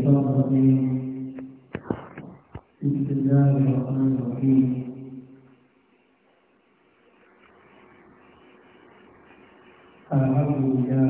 كتاب الرحيم بسم الله الرحمن الرحيم الحمد لله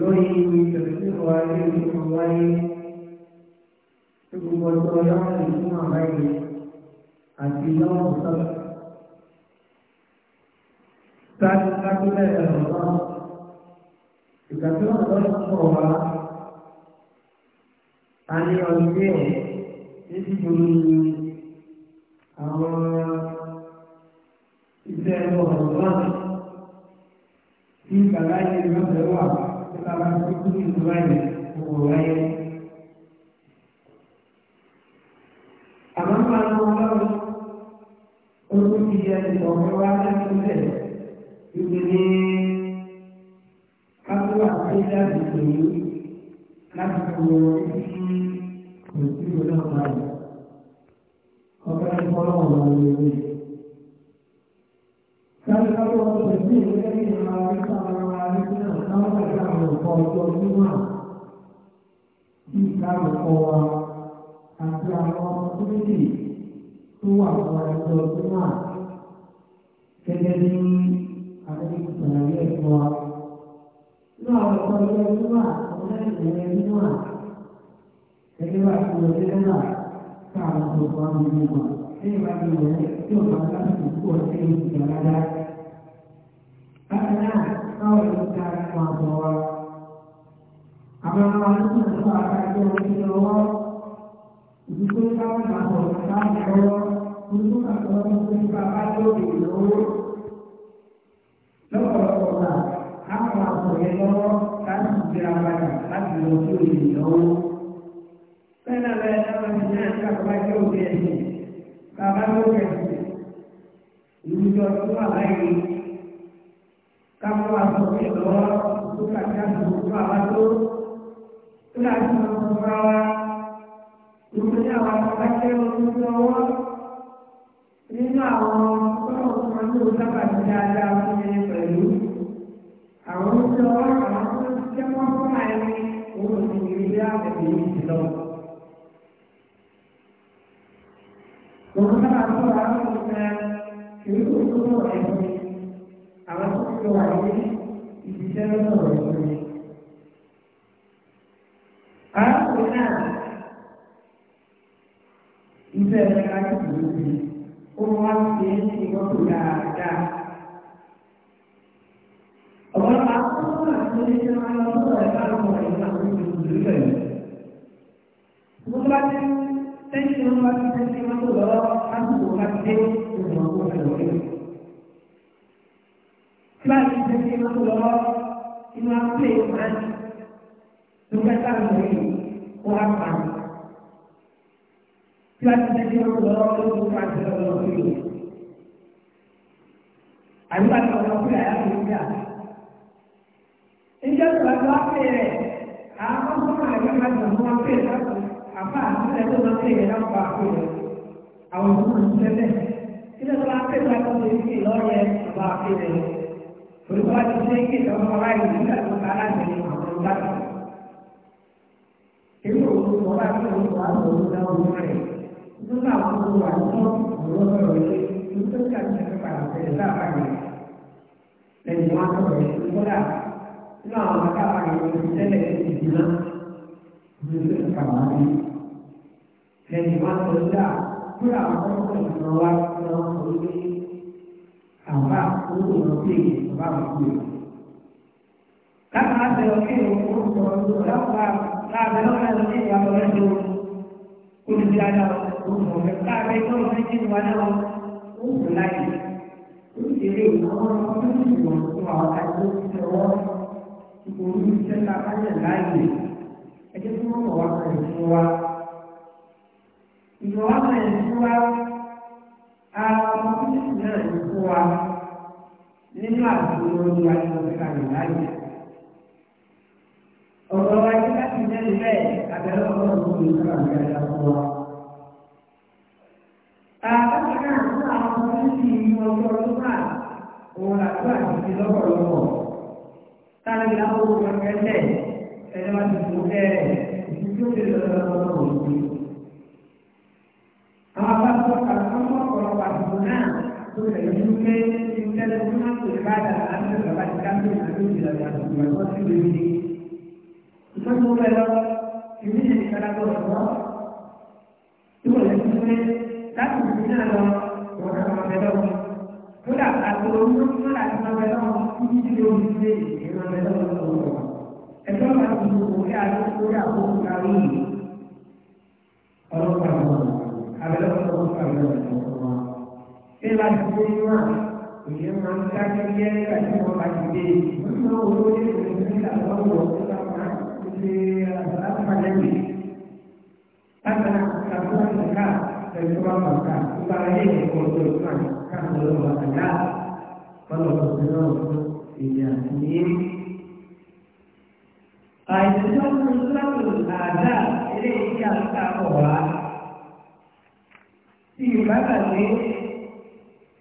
lórí ìtòsíwò ayé ìlú wáyé tí gbogbo ọjọ́ yọ̀ọ́ lè fún àbá yìí àti yọ̀ọ́ sọ́dọ̀. Káàdì káàdì bẹ̀rẹ̀ lọ́wọ́ ìgbà tí wọ́n lọ́ọ́ pọ̀ wá a ní ọdún ẹ̀ níbi gbòòrò àwọn iṣẹ́ ẹ̀rọ ọ̀rọ̀ náà tí bàbá yìí lọ́bẹ̀ẹ́ wà sábà tó kú ní ìlú ayé òwò ayé. àmọ́ máa ń wọ́n lọ́wọ́ oṣù tí yẹ ọ̀rọ̀ wa lẹ́nu lẹ̀ ìwé ní kápẹ́wà tó jáde pẹ̀lú láti kọ́ sí òṣìṣẹ́ náà báyìí. ọ̀pẹ́ ìfọ́lọ́wọ́ lọ́wọ́ lórí. Kálí kápẹ́wà tó ṣe sí ìwé ìrìn àwọn ìta àwọn arígbé náà táwọn ìta àwọn ọ̀pọ̀ ọjọ́ mímọ̀ bí ìta àrùkọ wa àti àwọn ọmọdé tó wà fún ọjọ́ mímọ̀ gẹ́gẹ́ bí àwọn ìgbàlẹ́ ẹ̀kọ́ wa. Nínú àwọn ọ̀pọ̀ ọjọ́ mímọ̀ àwọn ẹ̀rẹ́ mímọ̀ gẹ́gẹ́ bá ti wọlé náà káàkiri ọ̀pọ̀ àwọn mímọ̀ ẹ̀yìn bá ti wọlé tí ó bá láti kú ọ̀sẹ̀ ìgbàlá Karena kau ingkar Allah. Amal manusia sesuatu yang Allah. Itu kau melakukan Allah. Untuk kau melakukan Allah di luar. Lalu kalau Allah, kamu melakukan Allah, kamu berapa kali melakukan di luar. Karena mereka menyenangkan kepada Allah. Kamu melakukan Allah. Ini juga Allah ini. kamu langsung itu bukan yang berupa itu tidak semua perawat dunia langsung lagi untuk jawab lima orang terus menuju tempat jaya untuk ini perlu harus jawab harus siapa pun ini untuk diri dia sendiri itu Kurang apa orang punya itu semua àwọn tó ti wà ní ìdíṣẹ́ lọ́sọ̀ rẹ̀ fún mi. náà ìfẹ́ rẹ̀ láti dùn sí i, ó wá sí ní ìwọ́pọ̀ dáadáa. Ọ̀pọ̀lọpọ̀ akọ́kọ́ àti oníṣẹ́ máa ń lọ́sọ̀ rẹ̀ láàrúkọ rẹ̀ náà ló ti dùn sí Mo bá ti tẹ́sí wọn bá ti tẹ́sí wọn tó lọ́wọ́ láti wò láti dé ìwọ̀n tó fẹ̀ lọ́wọ́. Bali jẹ́ kí n máa lọ kí n máa pè é máa ní. Mo fẹ́ sáà lọ rí kó a pa mi. Bali jẹ́ kí n máa lọ kí n máa jẹ ọ̀rọ̀ rí o. Àyùbá ti a pè rẹ̀, àwọn ọmọ náà a pè rẹ̀ lọ́pọ̀. Àbá àtúntẹ̀ tó máa pè rẹ̀ lọ́pọ̀ àpè rẹ̀. Àwọn ọmọ náà ń tẹ́lẹ̀. Ìjọba ìgbà tó berubah sedikit sama lain tidak makanan dari pemerintah. Itu orang yang selalu berusaha mulai. Itu tak berubah, itu berubah lagi. Itu kan kepada desa kami. Dan jangan terus berubah. Nah, maka kami bisa dari sini untuk kembali. Dan jangan terus berubah. Kurang berubah, berubah, berubah, berubah, àbá olóòwò lọ sí èyí bàbá àwọn ìlú èyí. Káàkiri àti ọ̀kẹ́ ìwọ̀n ó sọ ọdún ọ̀dọ́gba láàbẹ̀ lọ́wọ́ ẹ̀rọ ní ìyàwó rẹ̀ tó olùdí ara ọ̀sùn ọ̀fẹ́ káàbẹ̀ tó ọ̀fẹ́ kí ni wà náà ó sọ láyé. Olùdíje ti ọwọ́ ìgbòho iṣẹ́ ta kájẹ̀ láàyè. Ẹ wọ́n mọ̀ wá pẹ̀lú fún wa. Ìgbòho wá pẹ̀lú àdéhùn náà ń kó wa nínú àdúgbò lórí wa ní ọ̀sẹ̀ kan ìlànà. ọ̀rọ̀ wa yí láti dẹ́nu bẹ́ẹ̀ abẹ́rẹ́ ọlọ́run tó ń sọ̀rọ̀ ní ẹ̀dá fún wa. àbájá náà fún àwọn ọmọ tó ń fi ìlú ọjọ́ ọdún náà òun àti lọ́pọ̀lọpọ̀. táwọn ìlà owó wọn kẹ́lẹ̀ ẹni wá ti fún bẹ́ẹ̀ ìdíjú tó lè lọ́wọ́ lọ́wọ́ òun. àwọn abájọ́ kàkọ́ suka yi suke in kada kuma su kada an su gaba da kafin a duk da ya su mai wasu da yi kusan mu ga yau in yi ne kana ko da ba su ko yi suke za su yi na da ko da ma da ko ko da a ko mun ma da ma da ko yi ji da yi ne ke ma da ko ko e to ma su ko ya ko ya ko ka yi Allah ka ba. Abelakon Allah ka ba. la dikuburi wa ia mangka dia kan semua pagi di mana orang dia pun dia tak tahu waktu lama dia adalah pada ni tak ada satu pun tak ada semua mangka kita ni pun tu kan kan belum ada ya kalau tu dia ni Ayat itu menurut ada ini yang tak kuat. Tiba-tiba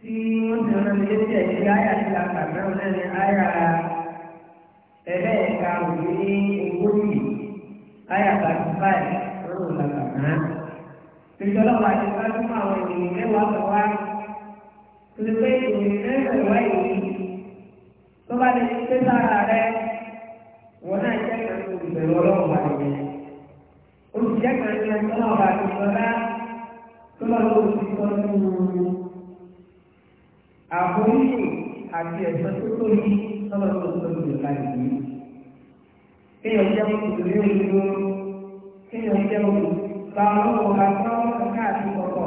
tí wọ́n ti rán mi létí ẹ̀yìn bí àyà ti la kàmẹ́ ọ̀nà ní àyà ẹlẹ́ẹ̀ka òbí ní ogójì àyà thirty five lọ́rùn la kàmẹ́. Ìjọba wa ti bá tún àwọn ènìyàn mẹ́wàá kan wá. Tòlú pé ènìyàn mẹ́wàá wá yìí tó bá lè ṣe sára rẹ̀ wọ́n náà jẹ́ kan ìbẹ̀rù ọlọ́run wà nìyẹn. Olùjẹ́ kan ní ẹjọ́ ti sọ dá tó bá lọ́wọ́ ti sọ nínú àforíṣe àti ẹ̀sọ́ tó tó yí lọ́wọ́ tó tó lè ka ìlú. Kéèyàn jẹ́ òkùnkùn ní òdodo, kéèyàn jẹ́ òkùnkùn bá ọlọ́wọ́ bá tọ́ ọ̀ká àti kọ̀kọ̀.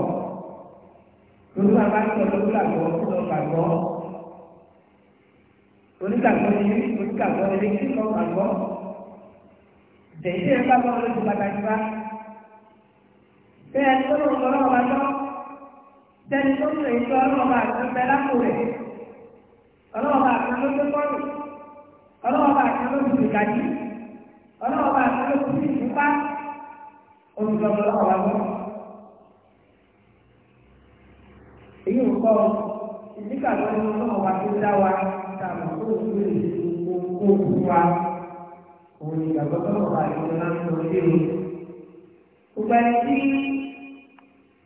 Lórí bàbá ń sẹ́ni tó ń lè ọlọ́ọ̀bà àtúnbẹ lápò ọlọ́ọ̀bà àtúnbẹ kọ́lù ọlọ́ọ̀bà àtúnbẹ ìkàdí ọlọ́ọ̀bà àtúnbẹ ìfúnpá olùdókòwò ọ̀wà èyí ń kọ́ ìdíkà lọ́wọ́ ọlọ́ọ̀bà tó dá wa tàbí tó ń lè kó kó òun ìgbàgbọ́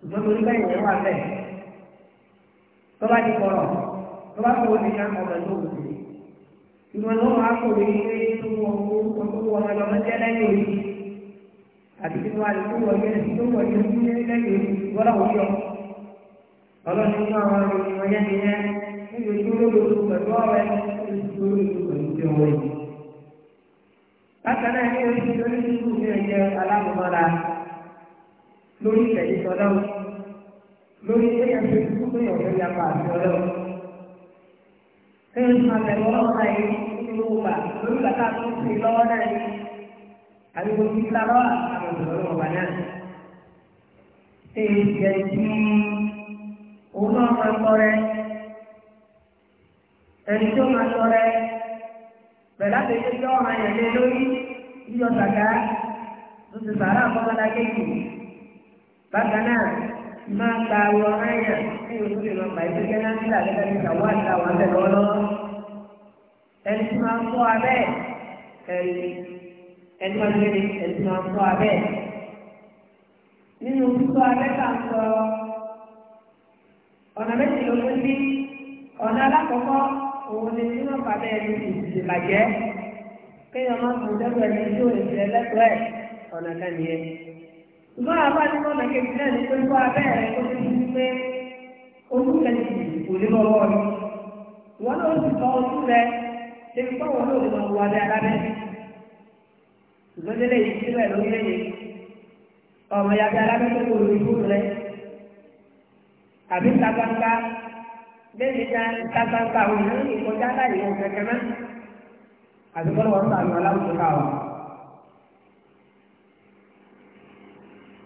ṣùgbọ́n torí bẹ́ẹ̀ wà bẹ́ẹ̀ tó bá ti kọ̀rọ̀ tó bá kọ̀ ní káàkọ̀ rẹ̀ ló wù sí. ìmọ̀ náà wà ilé tó wọ orúkọ tó wọ ọmọ ọmọ lẹ́yìn òní àti tí wọ́n tó wọ ilé tó wọ ilé tó wọ lẹ́yìn òní wọ́n àwọn yọ. ọlọ́run ní àwọn ènìyàn yẹn ti yẹn níbi tí ó lò ó pẹ̀lú ọ̀rẹ́ níbi tí ó lò ó pẹ̀lú lórí ìtẹ̀lé tọ́lọ́wọ́ lórí ìtẹ̀yà tó kú pé ọ̀dọ́ ya pa àti ọlọ́wọ́. Ẹ̀yìn máa bẹ̀rẹ̀ ọlọ́wọ́ náà yìí ní owó gbà lórí bàtà tó ń fi lọ́wọ́ náà yìí. Àbíkó ti ta lọ́wọ́ àwọn ọ̀dọ́ ọ̀gbà náà. Ẹ̀yìn jẹ́ ti òun náà máa tọ́ rẹ. Ẹni tó máa tọ́ rẹ. Bẹ̀rẹ̀ àti ẹgbẹ́ ọ̀hán yẹn lé lórí yíyọ sàgá. Tó ti sàrà àkọ́kọ́ bákan náà máa gba àwọn ọ̀rẹ́ yẹn tí o tún lè lọ gbà ètò jẹ́ náírà gẹ́gẹ́ bí ìtàwọ́ àti àwọn abẹ́ lọ́wọ́lọ́wọ́ ẹni tí máa ń fọ́ abẹ́ ẹni ẹni máa ń lé ní ẹni tí máa ń fọ́ abẹ́ nínú fífọ́ abẹ́ kà ń sọ ọ̀nà méjì ló ń bí ọ̀nà alákọ̀ọ́kọ́ òun ni nínú pàtẹ́ ẹni ìdìbò bàjẹ́ kéèyàn máa fún dẹ́gbẹ̀ẹ́ ní ojú òṣèlú ṣùgbọ́n àbá ní mọ́nà kejì náà ní pé kó abẹ́rẹ́ tó ti ní pé olùkẹ́lì kò ní lọ́wọ́ ni wọ́n náà ti sọ ojú rẹ débi báwọn náà lè máa wọ abẹ́ alábẹ́ ṣùgbọ́n délé yìí síbẹ̀ lórílẹ̀ yìí ọmọ ya bí alábẹ́ tó kò lójú rẹ àbí tagbangba bẹ́ẹ̀ni ta tagbangba òun náà ìkọjá láyé òun kẹ̀kẹ́ náà àti bọ́lá wọn sàmì ọlá òṣèlú àwọn.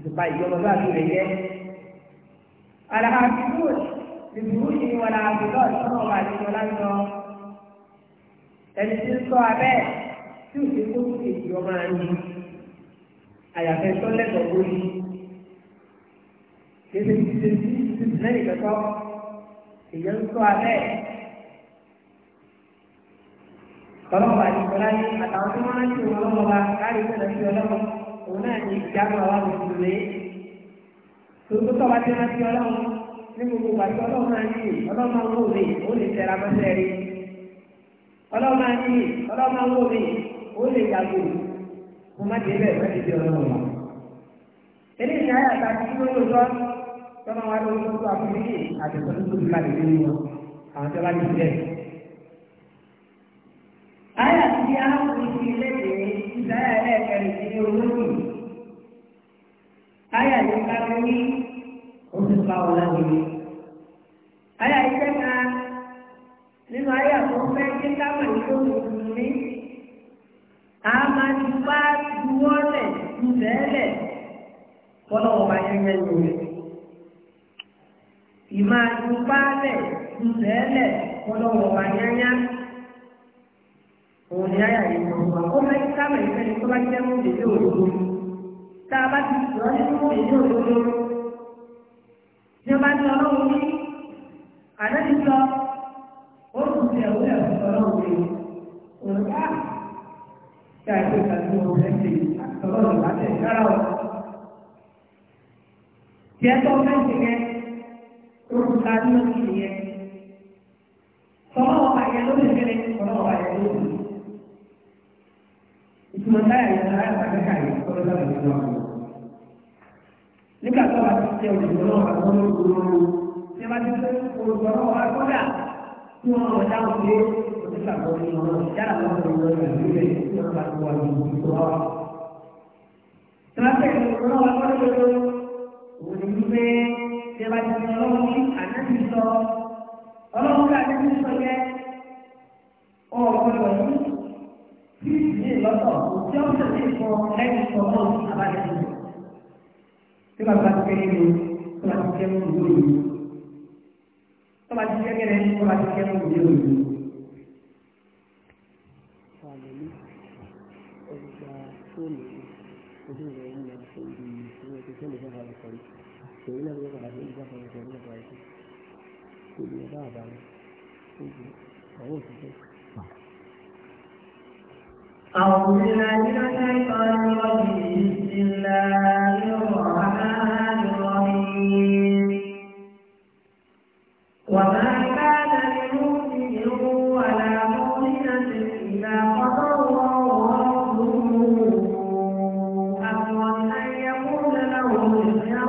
ìdùpá ìjọba bá tó lè jẹ́. Àlàáfíà ìdùnnú yìí wọn la fi lọ sọ́nà wà ní ọlá ń lọ. Ẹni tí ń sọ abẹ́ tí ò ti kó sí ìjọba ni àyàfẹ́ tó lẹ́tọ̀ọ́ lórí. Kéde ti ṣe sí lẹ́yìn kẹ́kọ̀ọ́ èèyàn ń sọ abẹ́. Tọ́lọ́wà ní ọlá ní àtàwọn tí wọ́n rántí wọn lọ́wọ́ wa láàrin ìfẹ́ lọ sí ọlọ́wọ́. òun náà ní ìjábọ̀ wa mùsùlùmí tòótọ́ tó bá ti rántí ọlọ́run ní gbogbo ìgbà tí ọlọ́run máa ń yí ọlọ́run máa ń wò mo ti ni ti rí ó ti pa wọn lágbèrè. Ayé àìsẹ́ kan nínú ayé àkọ́fẹ́ kí káwọn ìṣó mùsùlùmí a máa ti bá juwọ́lẹ̀ jùlẹ̀ẹ́lẹ̀ fọlọ́wọ́ bá yẹn yẹn lò rẹ̀. Ìmáa ju báálẹ̀ jùlẹ̀ẹ́lẹ̀ fọlọ́wọ́ bá yẹn yẹn òun ni ayé àyè ìṣòro àkọ́fẹ́ kí káwọn ìṣẹ́ni tó bá jẹ́ mú lè lé tá a bá ti sọ nínú èyí òdodo tí ó bá ní ọlọ́run ní àdéhùn sọ ó sì ti ẹ̀wọ́ ẹ̀wọ́ ọlọ́run ní òǹkà tí a ti gbà tí mo fẹ́ ṣe àtọ́lọ́run láti ìkára ọ̀ tí ẹ tọ́ fẹ́ ṣe yẹn ó sì ká ní òkè yẹn tọ́lọ́wọ́ àyẹ̀ ló lè fẹ́lẹ̀ tọ́lọ́wọ́ àyẹ̀ ló lè fẹ́lẹ̀. 我们大家也来，大家看一下，都是在我们这。nígbà tó wà ti jẹ òṣèlú náà wà lọ́wọ́ lóru ṣé wá ti fẹ́ olùkọ́ náà wà kọ́dà tí wọ́n wọ̀ dáhùn pé onígbà tó ní ọ̀rọ̀ yára lọ́wọ́ lóru lọ́wọ́ ìlú rẹ̀ lọ́wọ́ bá ti wà ní ìlú wa. tẹ́lá tẹ̀lé olùkọ́ náà wà kọ́dà lóru òun ni wípé ṣé wá ti fẹ́ ọlọ́run ní ànábì sọ ọlọ́run ní ànábì sọ yẹ ọ̀gbọ́dọ̀ yìí tí ìdílé lọ́tọ̀ òjò ọ̀sẹ̀ tí bàbá ti kéré ni tó bá ti kẹ́ mú ìwé òyìnbó tó bá ti kẹ́ kéré ni tó bá ti kẹ́ mú ìwé òyìnbó. أعوذ بالله من الشيطان الرجيم بسم الله الرحمن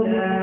أولئك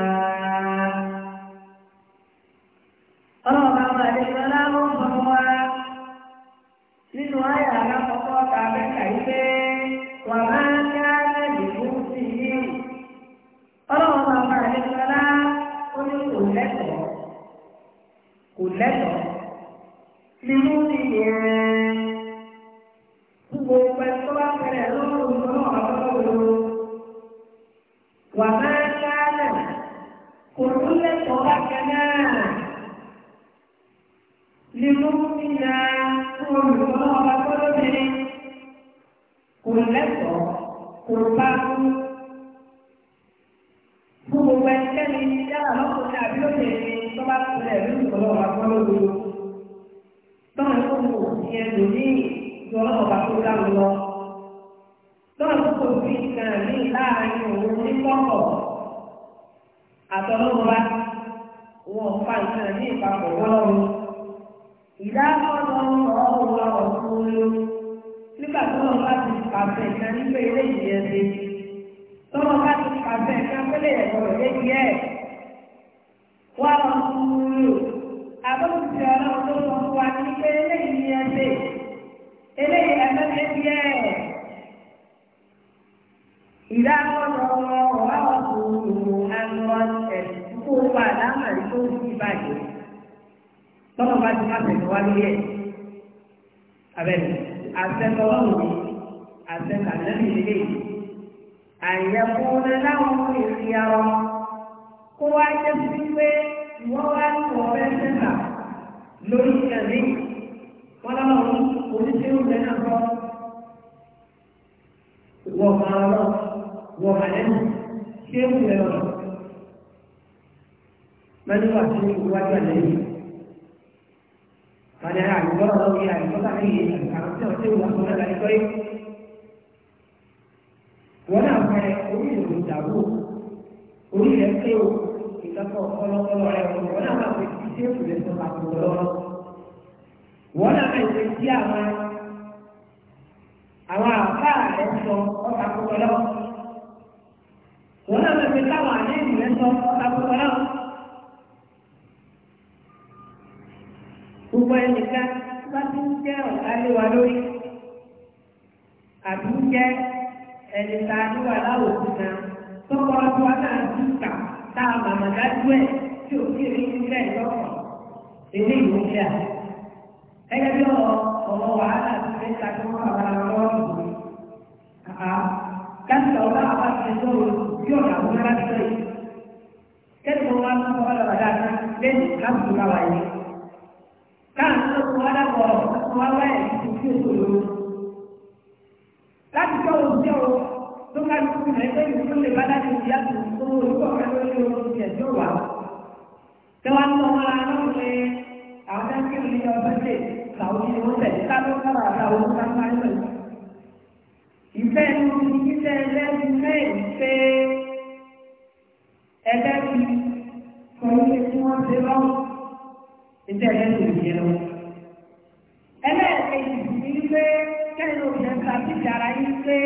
gbé eléyìí yẹn ṣe tọ́wọ́ bá ti pàṣẹ kápẹ́lẹ̀ ẹ̀kọ́ lẹ́yìn ẹ̀ wá lọ sùúrù àbọ̀tì ọlọ́run tó sọ fún wa ní pé eléyìí yẹn ṣe eléyìí ẹ̀kọ́ lẹ́yìn ẹ̀ ìdáwọ́dọ̀ wá lọ sùúrù àwọn ẹ̀kú wa láwọn ẹ̀kọ́ ìbàjẹ́ tọ́wọ́ bá ti pàṣẹ wá lórí ẹ̀ abẹ́rẹ́ àtẹ́tọ́ ọ̀hún àtẹ̀kà lẹ́bi ilé yìí àyẹ̀kùn láwọn ìrìn arọ kó wá jẹ́ sí pé wọ́n wá ní ọ̀rẹ́ sẹ́kà lórí ìṣẹ̀lẹ̀ wọn lọ́wọ́ oníṣẹ́ oúnjẹ náà kọ́ wọ́n máa lọ wọ́n máa lẹ́nu ṣé ń wẹ̀ ọ̀rọ̀ mẹ́nu wà sí iwájú àlẹ́ yìí. Màdàrà àgbọ̀rọ̀ lọ́wọ́ yìí àìsọ́tà ní ìyẹn àti àwọn tí wọ́n ti wà fún ẹ̀ka ìkọ́rí rẹ orí rẹ ò dàrú orí rẹ pé o ìtọ́kọ̀ ọlọ́kọ́lọ́ rẹ o wọ́n náà máa fi ṣe é fìlẹ̀ tó máa tó lọ́wọ́ wọ́n náà máa fi ṣe àwọn àwọn àbá rẹ sọ ọ̀tà tó lọ́wọ́ wọ́n náà máa fi káwọn àlejò rẹ sọ ọ̀tà lọ́wọ́. gbogbo ẹnìkan bá ti ń jẹ́ ọ̀tá lé wa lórí àbí ń jẹ́ ẹni tá a níwà láwòsí náà tọkọ ọdún wa tá a màmá dájú ẹ tí ò sí èyí ti rẹ lọkọ èmi ìwé ìlà ẹgbẹ bí ọ̀rọ̀ ọ̀rọ̀ wàhálà ti fẹ́ ta kí wọn bàbá lọ́wọ́ ìwé àhá ọba àbá ti lọ́rọ̀ bí ọ̀rọ̀ àwọn ará ti sọ yìí kẹ́kọ̀ọ́ wa ń sọ ọlọ́wà dáadáa lẹ́yìn káṣíkà wà yìí káàkiri wọn wá dàpọ̀ ọ̀rọ̀ láti kọ́ ohun tí ọ̀rọ̀ tó ká ní kúrò ẹgbẹ́ ìlú tó lè bá láti fi yá tó tó orúkọ ẹgbẹ́ ìlú tó ti ẹ̀jọ́ wá. tí wọ́n tọ́ wọn ara náà lé àwọn dáńkì ní ọjọ́ ṣe làwọn ilé wọn tẹ̀lé sábẹ́ sábà àtàwọn ọmọ sábà ń lọ. ìfẹ́ inú ìfẹ́ ẹlẹ́bi mẹ́rin pé ẹlẹ́bi kọ́ ilé tí wọ́n ṣe lọ́wọ́ ìfẹ́ ẹlẹ́bi ìyẹn ti ara yín pé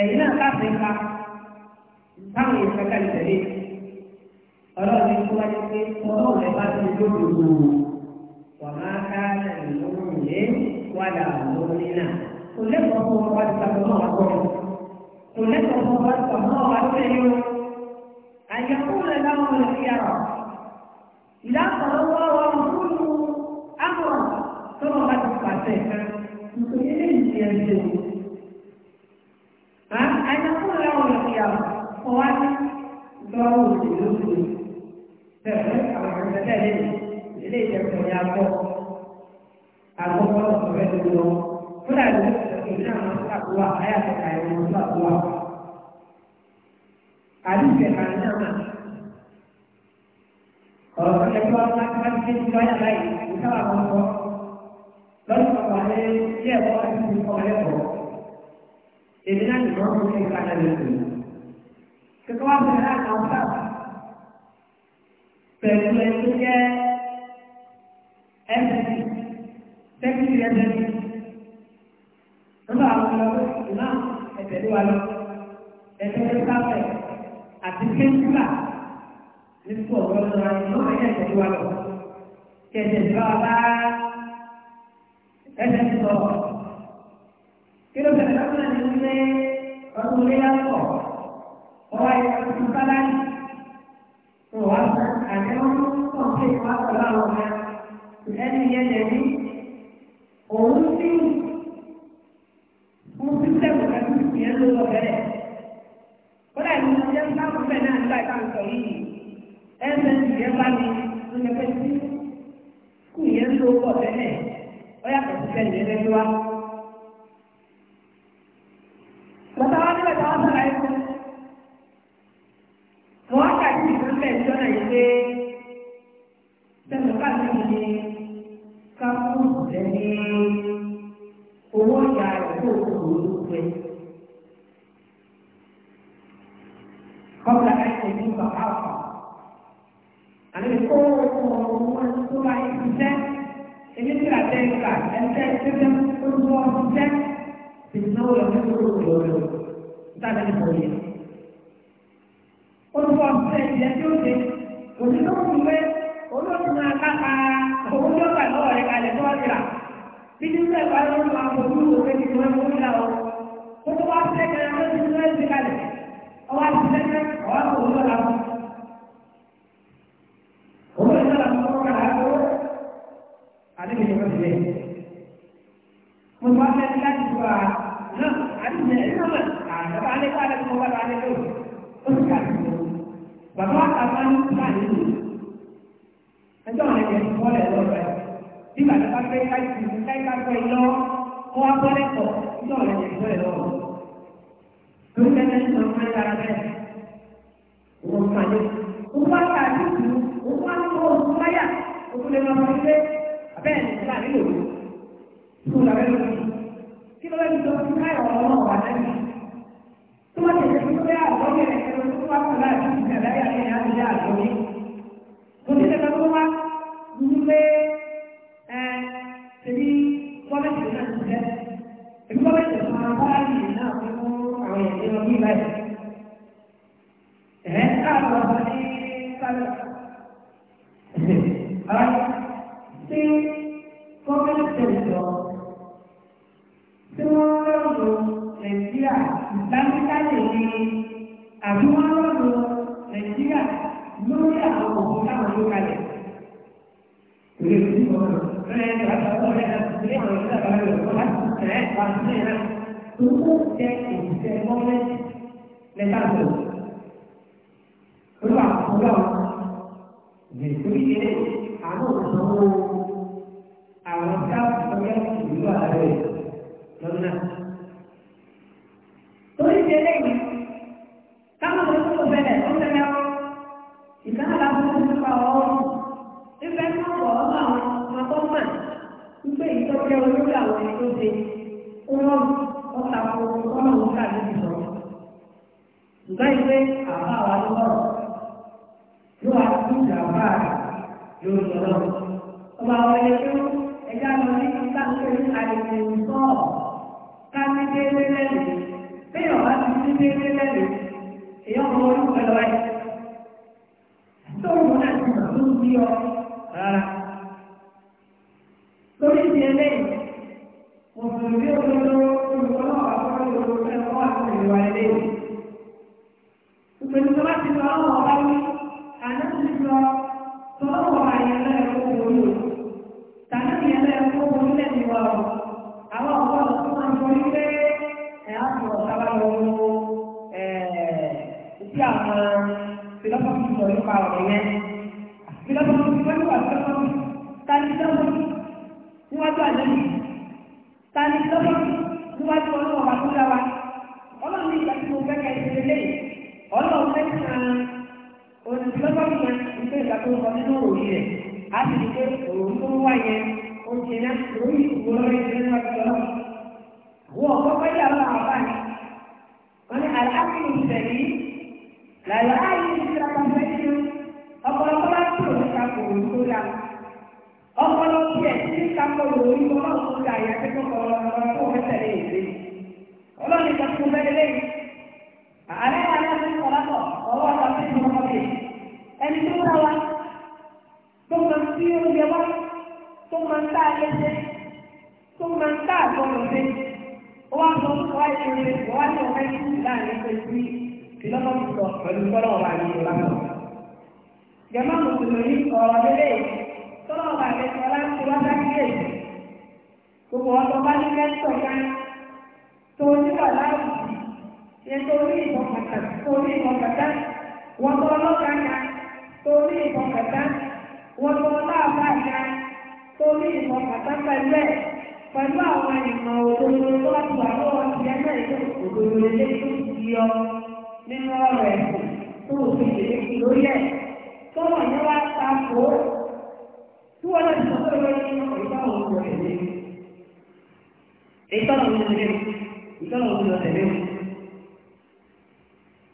ẹ̀yin náà káfíń pa táwọn èèyàn kankan lè tẹ̀lé ọlọ́run ní kí wọ́n ti pé ọlọ́run rẹ̀ bá ti lóde òwò wà máa ká ìlú yé wàdà lórí náà kò lẹ́kọ̀ọ́ fún wọn wá ti sàkó náà wá gbọ́dọ̀ kò lẹ́kọ̀ọ́ fún wọn wá ti sàkó náà wá tẹ̀lé o àyẹ̀kú rẹ̀ láwọn rẹ̀ fi yàrá ìlànà wọn kúrú àmọ̀ tó wọn bá ti pàṣẹ kan nítorí eléyìí ní lọ́wọ́ òṣèlú òṣèlú. Bẹ́ẹ̀ máa ń sàkóhà ayàtọ̀ka ẹ̀rọ ń sàkóhà. Àdúgbò ẹ̀ka lọ́sọ̀ pàdé ilé ẹ̀kọ́ láti fi kọ́ ẹ̀kọ́ èmi náà ní wọ́n fún ìka náà lè tún. kíkọ́ wá bẹ̀rẹ̀ láti àwọn sáà pẹ̀lú ẹni tó jẹ́ ẹ̀sìn tẹ́kìtì ẹ̀sìn nígbà àwọn ọmọ ọdún náà ẹ̀sẹ̀ ló wà ẹsẹ̀ ti sọ̀rọ̀. kí ló fẹ́ẹ́ lọ́kàn ní ilé ọdún orí yàtọ̀ wọ́n wáyé ọdún sáláì tó wá sọ àdéhùn tó ń pè wá pẹ̀lú àwọn ọmọ ẹni yẹn lẹ́ni òun sí fún sísẹ́mù pẹ̀lú ìyẹn ló lọ bẹ̀rẹ̀. kódà ìlú ọjọ́ sáfù bẹ̀ náà nígbà tá à yìí ẹsẹ̀ ó yàtọ̀ sí sẹ́yìn lẹ́lẹ́gbẹ́ wa. bàtà wa níbẹ̀ tí wọ́n sọ̀rọ̀ ẹ̀kọ́ mọ̀ wá kà sí ìdúpẹ́ ìjọ́nà yìí pé sẹ́yìn káàkiri ni ká kú lẹ́yìn. tábìlì kọ̀ọ̀yẹ̀. máa fi lé abẹ́ẹ̀ nígbà nílò ṣe ó wọ́n wọ́n ta ko ọmọ òun ká lóbi lọ. ṣùgbọ́n ìwé àbá wa ló lọ́rọ̀ ló wà ní ìjà àbá rẹ̀ lórí ọba àwọn ẹyẹ tó ẹja lọ ní kíkà tó ṣe àyẹ̀wò ìsọ́ ká ní lẹ́nu. bẹ́ẹ̀ ọba ti ní déédéé lẹ́nu èyí ọmọ orí pẹ̀lú ẹ̀. tó náà ti sàkóso bí ọ rárá. lórí ìdílé mùsùlùmí ti lọ àwọn ọ̀bá wí àná ti lọ tó lọ́wọ́ àyẹ̀lẹ́ ẹ̀kọ́ wọlé o ní wa o àwọn tani lọ́wọ́ níwájú ọlọ́wọ́ bá tó dáwà ọlọ́run ní ìgbà tí mo fẹ́ ka ìṣẹ̀lẹ̀ lẹ́yìn ọlọ́run fẹ́ kan olùdílọ́wọ́ yẹn nígbà ìgbà tó ń bọ̀ nínú òòyì rẹ̀ á sì ní pé òòrùn tó ń wá yẹn ó ti ná lórí ìwò lórí ìṣẹ̀lẹ̀ níwájú ọlọ́run. àwọn ọ̀pọ̀ pẹ́lú àwọn àbá ni wọ́n ní àlàáfíà ìṣẹ̀lẹ̀ làlàáyé ìṣẹ̀lẹ̀ ọpọlọ tí ẹ ti kakọ lórí ọlọ́run ti àyà kẹ́kọ̀ọ́ kọ̀ọ̀rọ̀ ọ̀rọ̀ tó fẹ́ tẹ̀lé ìwé ọlọ́run ìjọba tó fẹ́ lé ààrẹ ààrẹ àti ìkọ̀lákọ̀ ọwọ́ ọ̀rọ̀ àti ìkọ̀lákọ̀ lè ẹni tó wúra wa tó máa ń fi oúnjẹ wá tó máa ń tá ẹsẹ̀ tó máa ń tá àgbọ̀rọ̀ dé wọ́n á sọ fún wa ìṣẹ̀lẹ̀ wọ́n á ní ọ̀fẹ́ sí láàrin ẹgbẹ́ sí ìlọ́mọ̀ tó sọ pẹ̀lú fọ́lọ́ ọ̀rọ̀ àyè ìlànà. gẹ̀mọ́ mùsùlùmí ọ̀rọ̀ lélẹ́yìn tọ́lá ọba àgbẹ̀tì ọlá ti wá sákìlẹ̀ yìí gbogbo ọ̀dọ́ bá ní kẹ́sítọ̀ ká tó nígbà láàbù ṣe tó ní ìbọn kàtà tó ní ìbọn kàtà wọ́n tọ́ ọlọ́kà ká tó ní ìbọn kàtà wọ́n tọ́ ọlọ́àbà ká tó ní ìbọn kàtà pẹ̀lú ẹ̀ pẹ̀lú àwọn ìmọ̀ òdodo tó wà tìwà lọ́wọ́ ti ẹgbẹ́ ìlú òdodo lè tó ti yọ nínú ọ̀rọ̀ ẹ̀kọ́ tó òfin lè lórí ẹ̀ tó wọ̀ ní wá ta kó ìtọ́nà òun ti lẹ́nu ìtọ́nà òun ti lọ tẹ̀lé o.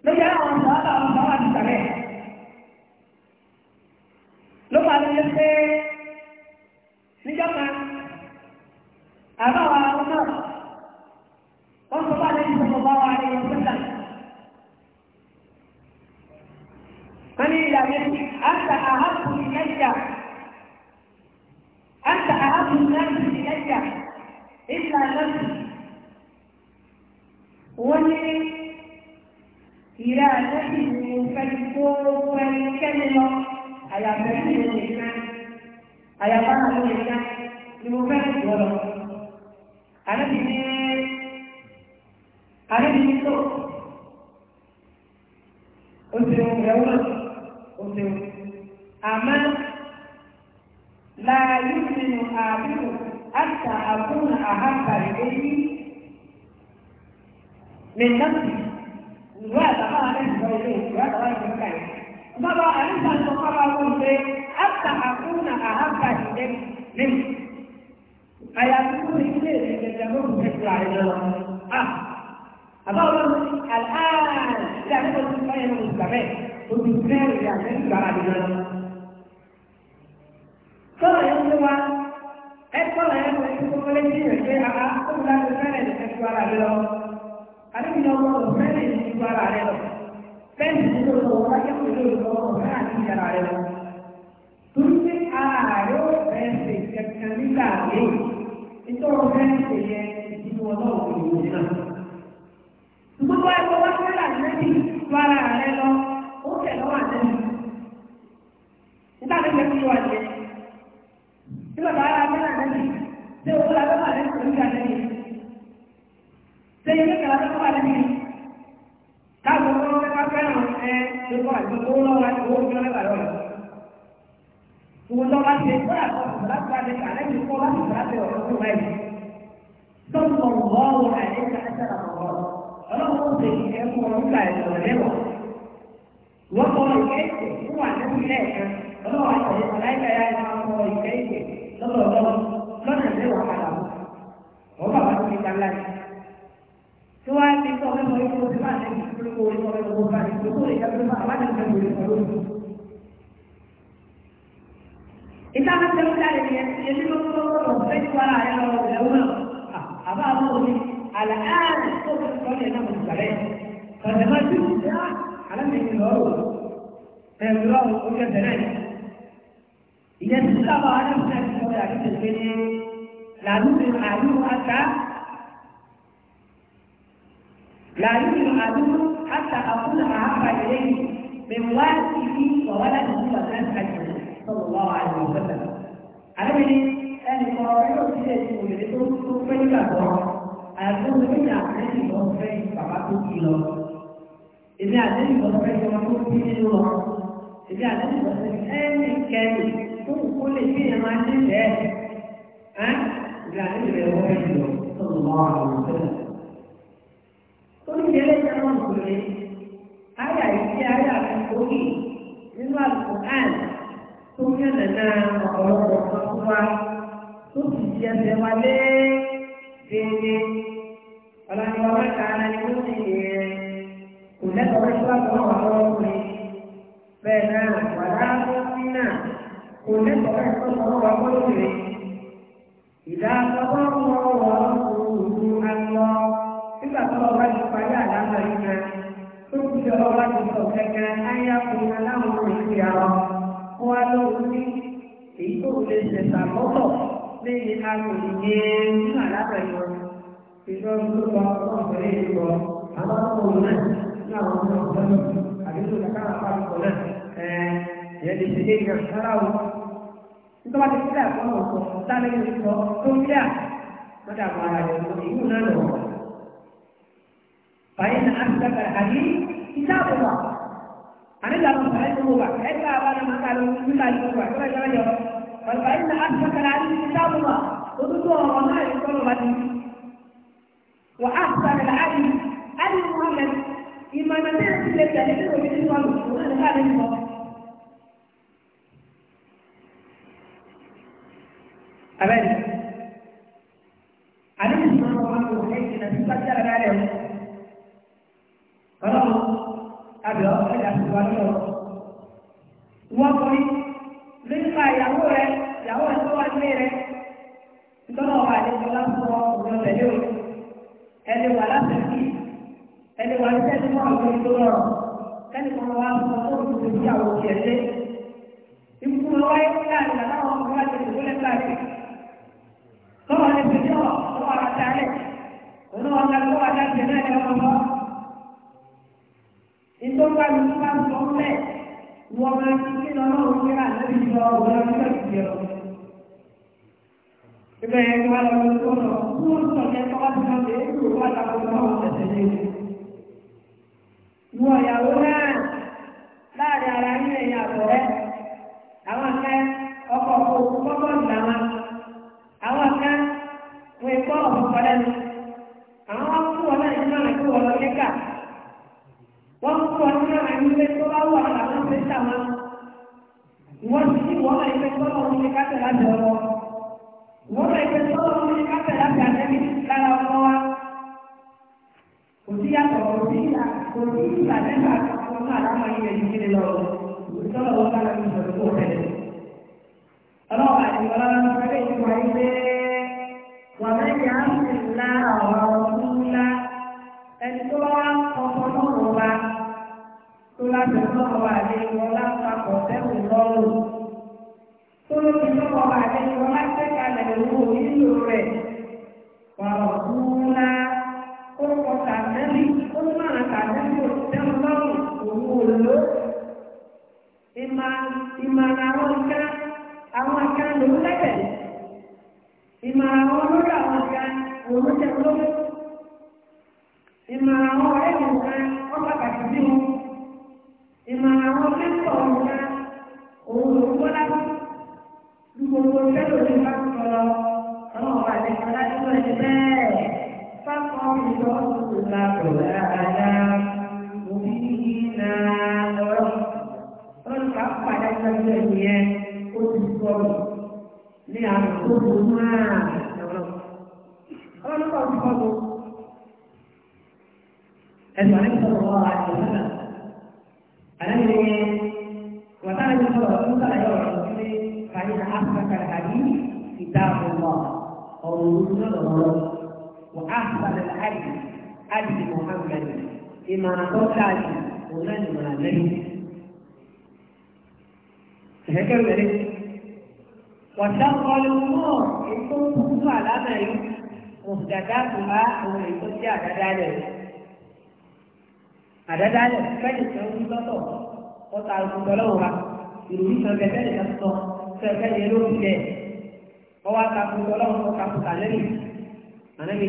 lójú àwọn sàábà àwọn sàábà ti sàrẹ̀ ló bá lọ sí pé lọ àyàfẹ́ ní ìlú nìkan àyàfẹ́ àwọn nìkan ni mo fẹ́ wọ́n lọ. Àlejò ní àlejò ní tó o ṣeun ẹ̀wọ̀n o ṣeun àmọ́ láàyè nínú àbíkù àtà àbúrò àhàkà èyí mi náà ìwé àtàwọn àlejò ìwé àtàwọn نرى أنت تقرأ به حتى أكون أحب إليك منه فيقول إليه يتجمعون فكرة إلى الله أقول آه. الآن لا يوجد شيء مستمر وبالتالي يعتمد على الله قال يوم أكبر يوم يقول لك شيء أقول لك أنا أكبر على الله أنا من أول سنة أكبر على الله فانزل الله يقول الله هذه العلم تنزل آيو فانزل كتنزل عليه nítorí fẹ́ǹsì yẹ ìdíwọ́ ọlọ́run kò yóò náà. gbogbo ẹ̀kọ́ wá sí àjẹ́bí tó ara rẹ lọ ó tẹ̀ lọ́wọ́ àjẹ́bí. nígbà tó yẹ kí wọ́n jẹ nígbà tó gbà lọ́rọ̀. Òun lọ́ba ti ṣe kọ́ra kọ́ ìgbàlá tó bá lè kà lẹ́yìn kọ́ láti gbà lẹ́ ọ̀rọ̀ tó báyìí. Sọ́kùn ọ̀rọ̀ ọ̀rọ̀ àìlẹ́ka ẹ̀ṣẹ̀ra ọ̀rọ̀. Ọlọ́run ó ṣe ìkẹ́ fún ọ̀rọ̀ nígbà ẹ̀ṣọ̀rọ̀ lẹ́wọ̀. Wọ́n kọ́ ìkẹ́ ìkẹ́ fún wà nínú ilé ẹ̀kan. Ọlọ́run àtẹ̀yẹ aláìka ya ẹ̀ máa kọ́ ìkẹ́ ìkẹ́ lọ́dọ̀ lọ́dọ̀ lọ́nà lẹ́wọ̀ padà. Wọ́n bàbá tó fi kan láti. Tí wọ́n á ti sọ fẹ́ mọ ikú tó ti máa lẹ́yìn ìpínlẹ̀ orí ọ̀rẹ́ gbogbo bá ní ìpínlẹ̀ orí ìyá tó máa wá ní ìpínlẹ̀ orí ọ̀rọ̀ ìta bá tẹ̀lé jáde ní ẹni tó tó tó fẹ́ ju ara rẹ lọ rẹ wọn àbá àwọn òní àlàáàrẹ tó tó tó lè náà mọ̀ gbàrẹ́ ọ̀sẹ̀ máa ti wù yá alámi ní lọ́rọ̀ ẹ̀rù lọ́rọ̀ ó yẹ bẹ̀rẹ̀ ìyẹn ti sábà alámi náà ti sọ̀rọ̀ àti tẹ̀lé ní làlúmi àlú àtà làlúmi àlú àtà àkúnà àhàbà ìlẹ́yìn mẹ́wàá ti fi wàhálà ìdúrà bàbá tó kí lọ. Èmi àdéhùn ìbọn fẹ́ yọ tó kí nínú lọ. Èmi àdéhùn ìbọn fẹ́ ẹni kẹ́lì tó kù kó lè fi ìyẹn máa ní bẹ́ẹ̀. Èmi àdéhùn ìbọn fẹ́ yọ tó lọ àwọn ọ̀sẹ̀. Tó ní ìdílé jẹ́ wọn kò lè. Ayà ìdí ayà ìkórè nínú àlùkò àn tó ń yànnà náà ọ̀pọ̀lọpọ̀ tó wá tó sì jẹ́ bẹ́ẹ̀ wálé déédéé ọlọ́ni wọn bá ta ara ẹni tó ti yẹ kò lẹ́tọ̀ọ́ bá tó àgbọ̀n wà lọ́wọ́ pé bẹ́ẹ̀ náà wà láàbọ̀ sí náà kò lẹ́tọ̀ọ́ bá tó àgbọ̀n wà lọ́wọ́ pé ìdá àgbọ̀n wọ̀ wọ̀ òru alọ́ nígbà tó lọ bá ti parí àdámọ̀ yìí kan tó kù sí ọlọ́ bá ti sọ kẹ̀kẹ́ ayá fún aláwọ̀ òṣèlú yàrá wọn wá lọ́wọ́ sí èyí tó lè ṣẹ̀ṣà lọ́tọ̀ lẹ́yìn ìjọba tó bá wọn fẹ́rẹ̀ yìí lọ àwọn ọmọ òun náà ní àwọn ọmọ òun náà àdúgbò kàkà àpá àpò náà ẹ ìyẹn lè ṣe dé ìgbà sára o nítorí wọn ti fi dà fún ọkọ sáré ní sọ tó ń dà wọn dà wọn ara rẹ lọ ìlú náà lọ. báyìí náà á ti dàgbà àdí ìjà àbúrò àní ìjà àbúrò ẹ̀ tó wà ẹ̀ tó àbá náà máa ká lọ nígbà tó wà ìjọba ti وأحسن العدل أبي محمد إما نتعرف لك لكي وجدت وأنا هذا الموضوع أبدا أنا مش مرة واحدة وحيدة أنا مش بتكلم عليهم خلاص أبدا أرجع في الوالد wọ́n kọ́ ní nípa ìyàwó rẹ̀ ìyàwó ẹ̀ tó wà nílé rẹ̀ nítorí ọ̀rọ̀ àdéjọ́ lásán ọ̀rọ̀ tẹ̀lé òní ẹni wà látẹ̀kí ẹni wà níṣẹ́ tí wọ́n àwọn ìlú lọ́rọ̀ kẹ́ni kan wá sọ fún òṣìṣẹ́ sí àwọn òkè ẹ̀ṣẹ́ ikú lọ wáyé fún láàrin àtàwọn ọmọ wa ti dùn lẹ́gbà rẹ̀ tọ́wọ́ ní fi jọ́ ọwọ́ ara ti alẹ̀ òun wọn ká lọ́wọ́ ajá ti náà ní ọmọ lọ. ìtọ́gbà mi ti máa ń sọ mẹ́ wọ́n máa ń kí lọ́wọ́ òun kí Ibẹ̀ yẹn kí wá lọ sí ọ̀nà fún ọ̀nà yẹn tó bá ti lọ sí èkó wá lápò wọ́n tẹ̀sẹ̀ lé. Ìwọ ìyàwó náà láàrin ara yín ẹ̀yìn àbọ̀rẹ́. Àwọn akẹ́ ọkọ̀ kò kọ́kọ́ ìlà wọn. Àwọn akẹ́ wọn ikọ́ ọ̀pọ̀ lẹ́nu. Àwọn wọn kú wọn náà nínú àwọn ìkú wọn lọ Wọ́n kú wọn nínú àwọn ìlú tó bá wù àwọn àwọn ọ̀sẹ̀ ìtàwọn. Wọ́n ti ní wọ́n máa ìgbà mẹ́ta àkọ́kọ́ náà láwọn ilẹ̀ yìí kiri lọ ìtọ́lọ̀ wọn bá lọ́wọ́ ìṣòro kó tẹ̀lé. ọlọ́wọ́ àti ọlọ́wọ́ sáré ìwà ilé wà mẹ́rin àmì ńlá ọ̀rọ̀ ọdún ńlá ẹni tó bá ọkọ̀ náà wọ́n bá tó láti ọlọ́wọ́ àti ìwọ̀n lápapọ̀ tẹ́wọ̀n lọ́rùn. Ima lò ìmọ̀ ìmọ̀ àwọn nǹkan àwọn nǹkan lòún lẹ́bẹ̀ ìmọ̀ àwọn olórí àwọn nǹkan lòún jẹ lórí ìmọ̀ àwọn ọ̀rẹ́ mi nǹkan wọ́n pàtàkì sí wọn ìmọ̀ àwọn kẹ́kọ̀ọ́ nǹkan òun lòún gbọ́dá gbogbo fẹ́lò ní bá sọ̀rọ̀ àwọn ọ̀rẹ́ mi nǹkan láti wọ́n ti bẹ́ẹ̀ fáwọn ìlú ọ̀sùn tó bá rọ̀ rárá. gbogbo máa ẹ̀wọ̀n ọlọ́run nípa òbí fọ́gbọ́ ẹ̀sùn àti sọ̀rọ̀ wà láti ọ̀sán àlẹ́ wàtá àti sọ̀rọ̀ tó sàlàyé ọ̀rọ̀ sílé kàyé àfẹ́kà àbí ìdáàbò lọ ọ̀rọ̀ òwúrọ̀ lọ́wọ́ wà á sàlẹ̀ àjì àjì Muhammad ìmọ̀ràn tó dáàjì òun náà ìmọ̀ràn lẹ́yìn. Ẹ̀kẹ́ وشر الأمور يكون على عمل محدثاتها أو يكون على ذلك على ذلك فجد يوم بطل قطع المتلوة يروي سببين الصوت سببين يروي له هو أتى المتلوة وقع متعلمي أنا من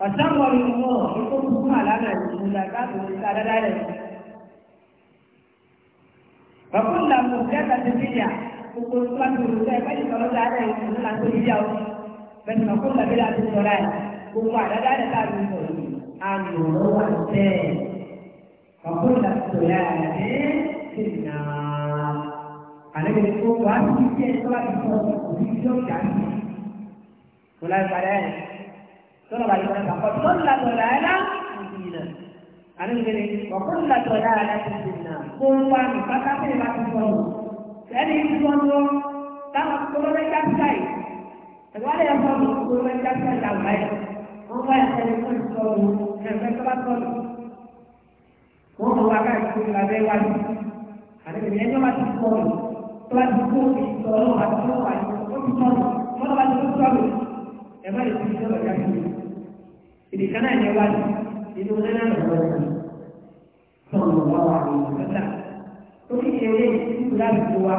وشر الأمور يكون على عمل محدثاتها على ذلك فكل محدثة بدعة gbogbo ìfúnpáṣẹ olùsọ ẹgbẹ́ ìtọ́lọ́ dáadáa ìlú ńlá tó yíyá o bẹ́ẹ̀ni ọkọ tàbí láti sọ̀rọ̀ ẹ̀ gbogbo àdáda rẹ̀ láti sọ̀rọ̀ yìí àmì wà bẹ́ẹ̀ ọkọ tàbí sọ̀rọ̀ ẹ̀ ṣe nà àlẹ́ mi kó wàá ti jẹ́ sọ́wọ́ ìfọ̀ òbí tí ó jà mí. kò láì parẹ́ ẹ̀ sọ̀rọ̀ bàyìí wọn kà kọ́ sọ́ọ̀lá sọ̀rọ̀ ẹ̀ lá àlẹ́ mi kẹ́ni ọkọ sọ̀rọ̀ ẹ̀ lá ti nà kó wá nípa káfíńì sẹ́ni ìdúró táwọn kólóbẹ́ jáfíà yìí ìwádìí ẹ̀fọ́ mi kólóbẹ́ jáfíà yìí àgbà yìí wọ́n bá ìṣẹ̀lẹ̀ fún ìṣòro ẹ̀fẹ́ tọ́lá tọ́lù wọ́n mọ̀ wá káàkiri lábẹ́ wájú àdébìyẹ ẹni wọ́n bá ti kọ́ mi tó bá ti kó ìṣòro àti tó wà ní olùtọ́lù wọ́n ti tọ́lù ẹ̀ má lè fi ìṣòro jáfíà ìdí kan náà ní wájú torí eré ìdíkù láti wa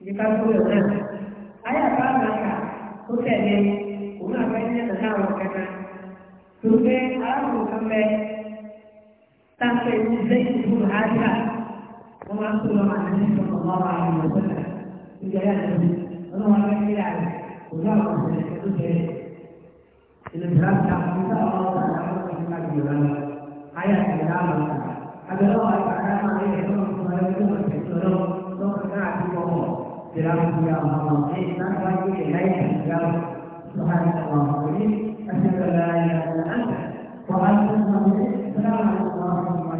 ìdíkà tó lè náà ayàbá àmàkà tó tẹ̀lé òun àbá ní ẹ̀nà náà wọn kankan tó fẹ́ arákùnrin kan bẹ táfẹ́ ní zẹ́yìn fún àdìrà wọ́n máa ń tó lọ́wọ́ àti ní sọ̀rọ̀ mọ́ àwọn àwọn ọmọ sọ́nà ìjọ yà lẹ́nu wọn wọn bẹ nílẹ̀ àrẹ òun àwọn ọmọ sọ̀rọ̀ tó bẹ̀rẹ̀ ìlú ìlú àti àwọn ọmọ sọ̀rọ̀ àwọn ọmọ sọ̀rọ̀ àwọn ọmọ sọ̀rọ̀ àti ìlú àti ìlú àmàkà abẹ́rẹ́ wà kàkà máa ní ẹ̀rọ ìfúnra ẹgbẹ́ wọn ti sọ̀rọ̀ lọ́kàn náà àti wọ́wọ́ ìlànà ìyá ọmọ ẹ̀yìn náà wá sí ẹ̀yà ìyá سبحان الله وبحمده أشهد أن لا إله إلا أنت وأشهد أن محمدا رسول الله